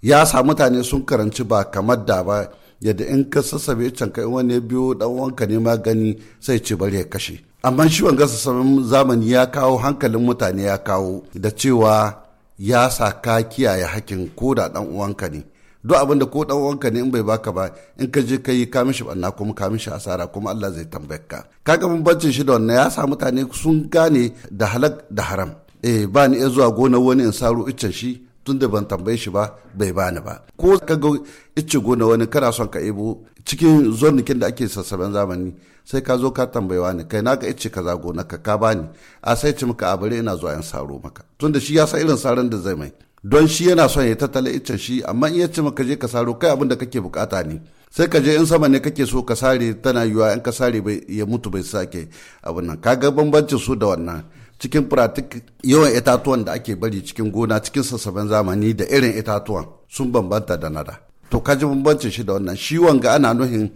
ya sa mutane sun karanci ba kamar da ba yadda in ka sassabe can kai wani biyo dan wanka ne magani, sai ce bari ya kashe amma shi wanga sassaben zamani ya kawo hankalin mutane ya kawo da cewa ya sa ka kiyaye hakkin ko da dan uwanka ne duk abin da ko dan uwanka ne in bai baka ba in ka je kai ka mishi banna kuma ka mishi asara kuma Allah zai tambaye ka kaga bambancin shi da wannan ya sa mutane sun gane da halak da haram eh ba ni zuwa gona wani in saro iccen shi tunda ban tambaye shi ba bai bani ba ko ka ga ice gona wani kana son ka ibo. cikin zonnikin da ake sassaben zamani sai ka zo ka tambayewa ne kai na ga ice kaza gona ka ka bani a sai ci maka abare ina zuwa yan saro maka tunda shi ya san irin saran da zai mai don shi yana son ya tattala icen shi amma in ya ce maka je ka saro kai abin da kake bukata ne sai ka je in sama ne kake so ka sare tana yiwa in ka sare ya mutu bai sake abin nan kaga bambancin su da wannan cikin pratik yawan itatuwan da ake bari cikin gona cikin sassaben zamani da irin itatuwan sun bambanta da nada to ka ji bambancin shi da wannan shi wanga ana nuhin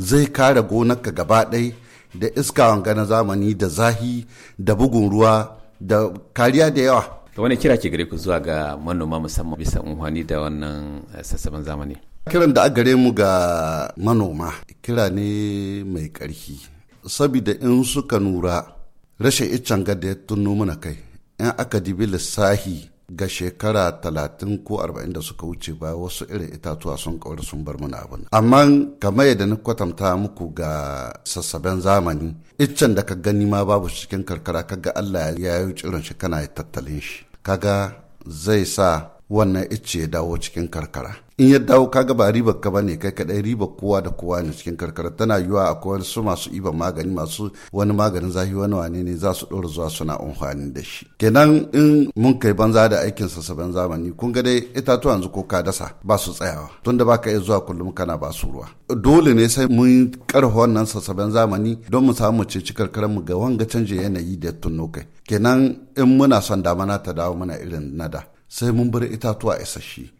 zai kare gonarka gaba ɗai da iska wanga na zamani da zahi da bugun ruwa da kariya da yawa to wani kira ke gare ku zuwa ga manoma musamman bisa unhwani da wannan eh, sassaben zamani kiran da gare mu ga manoma kira ne mai ƙarfi sabida in suka nura rashin iccen gada ya tunno mana kai yan aka dibi lissahi ga shekara talatin ko arba'in da suka wuce ba wasu irin itatuwa sun kawar sun bar mana abin amma kamar yadda na kwatanta muku ga sassaben zamani iccen da ka gani ma babu cikin karkara kaga Allah ya yi cirin shi kana tattalin shi kaga zai sa wannan icce ya dawo cikin karkara in ya dawo kaga ba riba ka bane kai kadai riba kowa da kowa ne cikin karkara tana yiwa akwai wasu masu iban magani masu wani maganin zahi wani wane ne za su ɗora zuwa suna amfani da shi kenan in mun kai banza da aikin sassaben zamani kun ga dai itatuwa yanzu ko ka dasa ba su tsayawa tunda baka iya zuwa kullum kana ba su ruwa dole ne sai mun karfa wannan sassaben zamani don mu samu ceci karkarar mu ga wanga canje yanayi da tunno kai kenan in muna son damana ta dawo muna irin nada sai mun bar itatuwa isasshe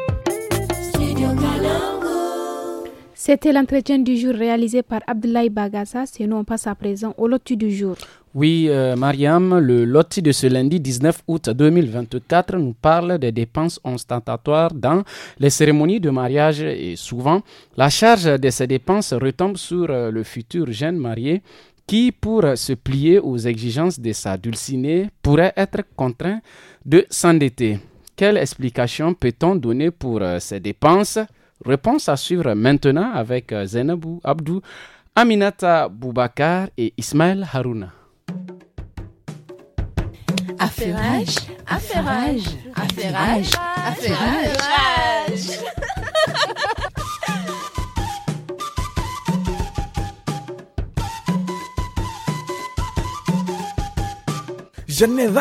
C'était l'entretien du jour réalisé par Abdoulaye Bagassa. Sinon, nous, on passe à présent au loti du jour. Oui, euh, Mariam, le loti de ce lundi 19 août 2024 nous parle des dépenses ostentatoires dans les cérémonies de mariage et souvent, la charge de ces dépenses retombe sur euh, le futur jeune marié qui, pour se plier aux exigences de sa dulcinée, pourrait être contraint de s'endetter. Quelle explication peut-on donner pour euh, ces dépenses Réponse à suivre maintenant avec euh, Zainabou Abdou, Aminata Boubacar et Ismaël Harouna. Je ai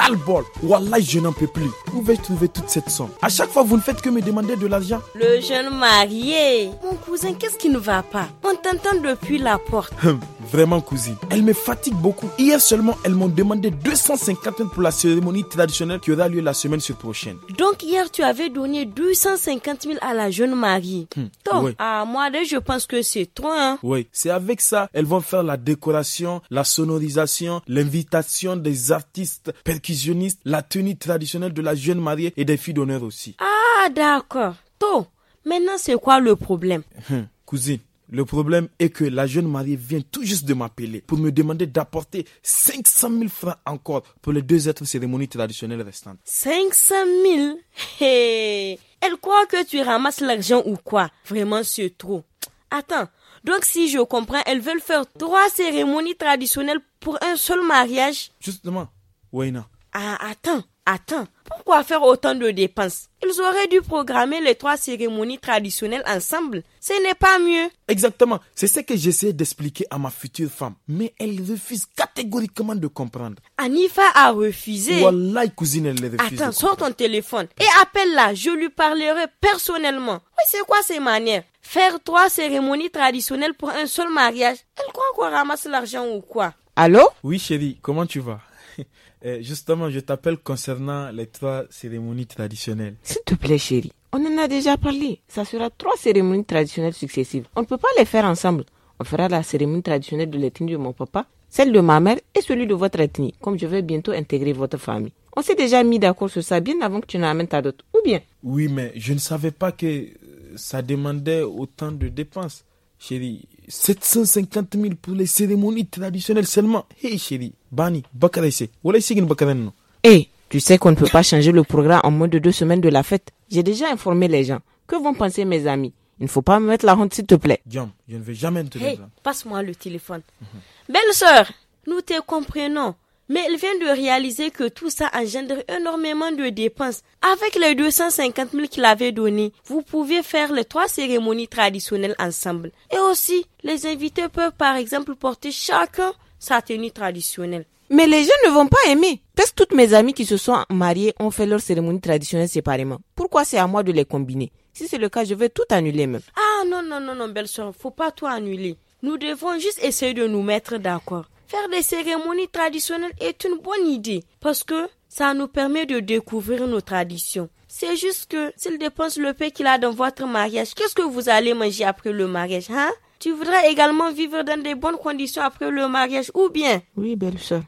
Wallah, je n'en peux plus. Où vais-je trouver toute cette somme À chaque fois, vous ne faites que me demander de l'argent. Le jeune marié. Mon cousin, qu'est-ce qui ne va pas On t'entend depuis la porte. Hum, vraiment, cousine. Elle me fatigue beaucoup. Hier seulement, elles m'ont demandé 250 000 pour la cérémonie traditionnelle qui aura lieu la semaine prochaine. Donc, hier, tu avais donné 250 000 à la jeune mariée. Hum, Donc, à moi, je pense que c'est toi. Hein. Oui, c'est avec ça, elles vont faire la décoration, la sonorisation, l'invitation des artistes percussionniste la tenue traditionnelle de la jeune mariée et des filles d'honneur aussi. Ah, d'accord. To, maintenant c'est quoi le problème hum, Cousine, le problème est que la jeune mariée vient tout juste de m'appeler pour me demander d'apporter 500 000 francs encore pour les deux autres cérémonies traditionnelles restantes. 500 000 Elle croit que tu ramasses l'argent ou quoi Vraiment, c'est trop. Attends, donc si je comprends, elles veulent faire trois cérémonies traditionnelles pour un seul mariage Justement, ah, attends, attends. Pourquoi faire autant de dépenses Ils auraient dû programmer les trois cérémonies traditionnelles ensemble. Ce n'est pas mieux. Exactement. C'est ce que j'essaie d'expliquer à ma future femme. Mais elle refuse catégoriquement de comprendre. Anifa a refusé. Wallah, cousine, elle refuse. Attends, sort ton téléphone et appelle-la. Je lui parlerai personnellement. Mais c'est quoi ces manières Faire trois cérémonies traditionnelles pour un seul mariage Elle croit qu'on ramasse l'argent ou quoi Allô Oui, chérie, comment tu vas *laughs* Eh, justement, je t'appelle concernant les trois cérémonies traditionnelles. S'il te plaît, chérie, on en a déjà parlé. Ça sera trois cérémonies traditionnelles successives. On ne peut pas les faire ensemble. On fera la cérémonie traditionnelle de l'ethnie de mon papa, celle de ma mère et celui de votre ethnie, comme je vais bientôt intégrer votre famille. On s'est déjà mis d'accord sur ça bien avant que tu n'amènes ta dot, ou bien Oui, mais je ne savais pas que euh, ça demandait autant de dépenses. Chérie, 750 000 pour les cérémonies traditionnelles seulement. Hé hey, chérie, Bani, Bakaraïse, Walaïsigin non Hé, eh, tu sais qu'on ne peut pas changer le programme en moins de deux semaines de la fête. J'ai déjà informé les gens. Que vont penser mes amis Il ne faut pas me mettre la honte, s'il te plaît. Diam, je ne vais jamais te hey, Passe-moi le téléphone. Belle sœur, nous te comprenons mais elle vient de réaliser que tout ça engendre énormément de dépenses. Avec les 250 000 qu'il avait donnés, vous pouvez faire les trois cérémonies traditionnelles ensemble. Et aussi, les invités peuvent par exemple porter chacun sa tenue traditionnelle. Mais les gens ne vont pas aimer. que toutes mes amies qui se sont mariées ont fait leur cérémonie traditionnelle séparément. Pourquoi c'est à moi de les combiner Si c'est le cas, je vais tout annuler même. Ah non, non, non, non, belle soeur, faut pas tout annuler. Nous devons juste essayer de nous mettre d'accord. Faire des cérémonies traditionnelles est une bonne idée parce que ça nous permet de découvrir nos traditions. C'est juste que s'il dépense le paix qu'il a dans votre mariage, qu'est-ce que vous allez manger après le mariage, hein? Tu voudras également vivre dans des bonnes conditions après le mariage ou bien? Oui, belle sœur.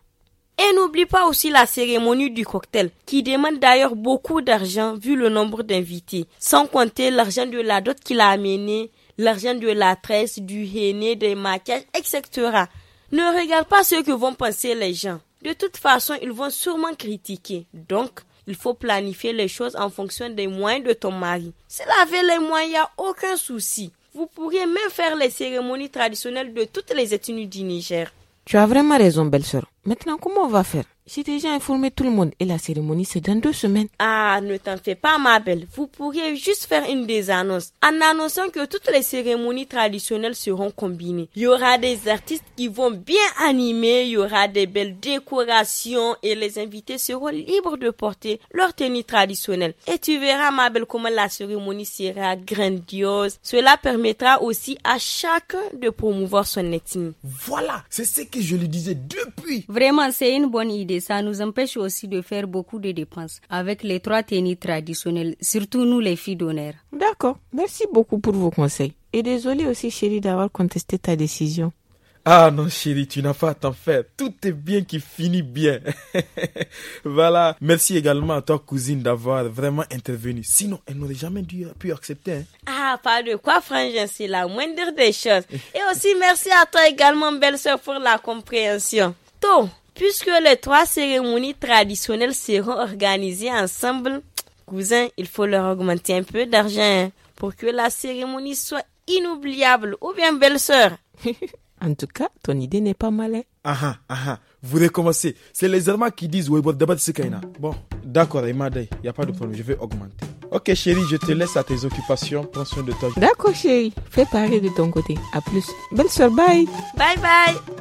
Et n'oublie pas aussi la cérémonie du cocktail, qui demande d'ailleurs beaucoup d'argent vu le nombre d'invités, sans compter l'argent de la dot qu'il a amené, l'argent de la tresse, du henné, des maquillages, etc. Ne regarde pas ce que vont penser les gens. De toute façon, ils vont sûrement critiquer. Donc, il faut planifier les choses en fonction des moyens de ton mari. Si avait les moyens, il n'y a aucun souci. Vous pourriez même faire les cérémonies traditionnelles de toutes les ethnies du Niger. Tu as vraiment raison, belle-sœur. Maintenant, comment on va faire j'ai déjà informé tout le monde et la cérémonie c'est dans deux semaines. Ah, ne t'en fais pas ma belle. Vous pourriez juste faire une des annonces. En annonçant que toutes les cérémonies traditionnelles seront combinées. Il y aura des artistes qui vont bien animer, il y aura des belles décorations et les invités seront libres de porter leur tenue traditionnelle. Et tu verras ma belle comment la cérémonie sera grandiose. Cela permettra aussi à chacun de promouvoir son ethnie. Voilà, c'est ce que je lui disais depuis. Vraiment, c'est une bonne idée ça nous empêche aussi de faire beaucoup de dépenses avec les trois tennis traditionnels, surtout nous les filles d'honneur. D'accord. Merci beaucoup pour vos conseils. Et désolé aussi, chérie, d'avoir contesté ta décision. Ah non chérie, tu n'as pas à t'en faire. Tout est bien qui finit bien. *laughs* voilà. Merci également à ta cousine d'avoir vraiment intervenu. Sinon, elle n'aurait jamais dû, pu accepter. Hein. Ah, pas de quoi frangin, c'est la moindre des choses. Et aussi merci à toi également belle soeur, pour la compréhension. Tout. Puisque les trois cérémonies traditionnelles seront organisées ensemble, cousin, il faut leur augmenter un peu d'argent pour que la cérémonie soit inoubliable. Ou bien belle-sœur. *laughs* en tout cas, ton idée n'est pas mal. Ah Aha, aha. Vous recommencez. C'est les Allemands qui disent oui, bon, Bon, d'accord, il n'y a pas de problème, je vais augmenter. Ok, chérie, je te laisse à tes occupations. Prends soin de toi. D'accord, chérie. Fais pareil de ton côté. À plus. Belle sœur bye. Bye, bye.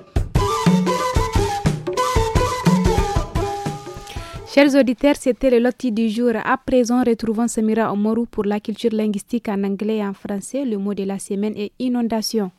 Chers auditeurs, c'était le loti du jour. À présent, retrouvons Samira Omoru pour la culture linguistique en anglais et en français. Le mot de la semaine est inondation.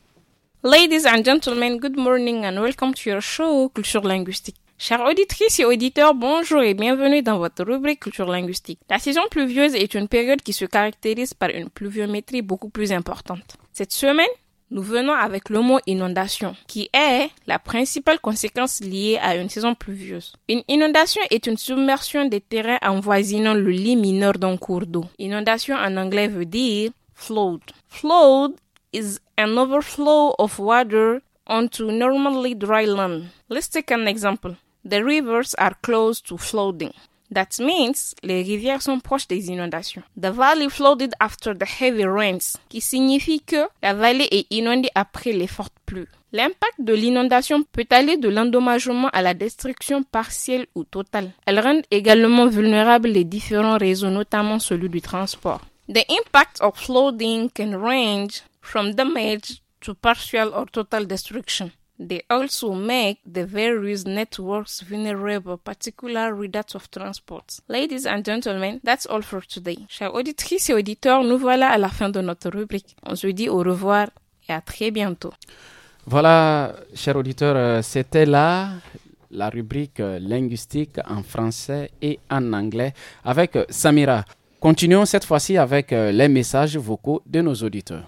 Ladies and gentlemen, good morning and welcome to your show Culture linguistique. Chers auditrices et auditeurs, bonjour et bienvenue dans votre rubrique culture linguistique. La saison pluvieuse est une période qui se caractérise par une pluviométrie beaucoup plus importante. Cette semaine, nous venons avec le mot inondation, qui est la principale conséquence liée à une saison pluvieuse. Une inondation est une submersion des terrains envoisinant le lit mineur d'un cours d'eau. Inondation en anglais veut dire flood. Flood is an overflow of water onto normally dry land. Let's take an example. The rivers are close to flooding. That means les rivières sont proches des inondations. The valley flooded after the heavy rains, qui signifie que la vallée est inondée après les fortes pluies. L'impact de l'inondation peut aller de l'endommagement à la destruction partielle ou totale. Elle rend également vulnérables les différents réseaux, notamment celui du transport. The impact of flooding can range from damage to partial or total destruction. They also make the various networks vulnerable, particular of transport. Ladies and gentlemen, that's all for today. Chers auditrices et auditeurs, nous voilà à la fin de notre rubrique. On se dit au revoir et à très bientôt. Voilà, chers auditeurs, euh, c'était là la rubrique euh, linguistique en français et en anglais avec euh, Samira. Continuons cette fois-ci avec les messages vocaux de nos auditeurs.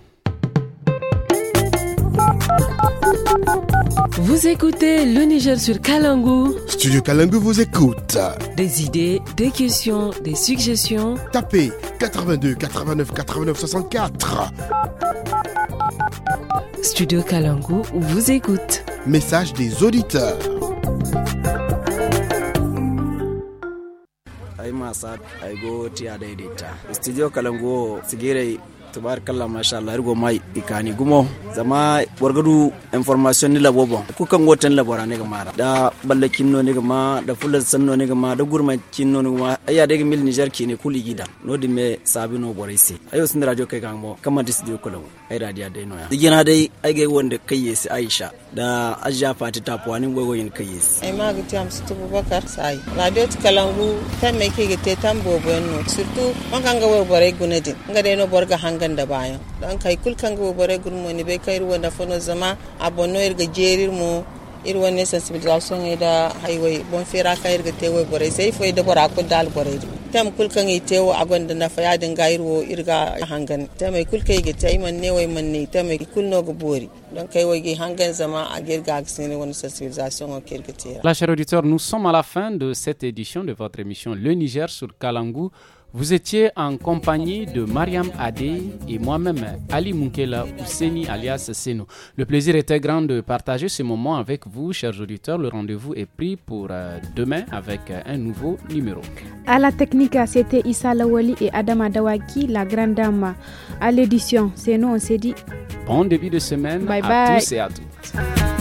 Vous écoutez le Niger sur Kalangou. Studio Kalangou vous écoute. Des idées, des questions, des suggestions. Tapez 82 89 89 64. Studio Kalangou vous écoute. Message des auditeurs. Aïma Sad, the editor Studio Kalangou, kalla masha Allah rigo mai ikani gumo zama wargadu information ni labo bon ku kan wotan labo ne ga mara da ballakin no ne ga ma da fulan sanno ne ga ma da gurmakin no ne ga ma aya da ga mil Niger ki ne kuli gida no di me sabi no bore se ayo sun radio kai kan mo kama dis di kula ai radio dai no ya digina dai ai ga wanda kai yesi Aisha da Ajja Fati tapuwa ni wayoyin kai yesi ai ma ga tiam su tubu bakar sai radio kalangu tan me ke ga te tan bobo no surtout man kan ga wor bore gunadin ga dai no bor ga hanga ganda bayan don kai kulkan ga bare gurmo ne bai kai ruwan da fano zama a bonno irga jerir mu irwan ne sensibilisation ne da highway bon fera ka irga tewo bare sai foi da bara ku dal bare tam kulkan yi tewo a gonda na faya din ga irwo irga hangan ta mai kulka yi ta iman ne wai man ne ta mai kulno ga bori donc La chère auditeur, nous sommes à la fin de cette édition de votre émission Le Niger sur Kalangu. Vous étiez en compagnie de Mariam Adé et moi-même, Ali Moukela Ousseni alias Seno. Le plaisir était grand de partager ce moment avec vous, chers auditeurs. Le rendez-vous est pris pour euh, demain avec euh, un nouveau numéro. À la technique, c'était Issa Lawali et Adama Dawaki, la grande dame. À l'édition, c'est on s'est dit. Bon début de semaine bye à bye. tous et à toutes.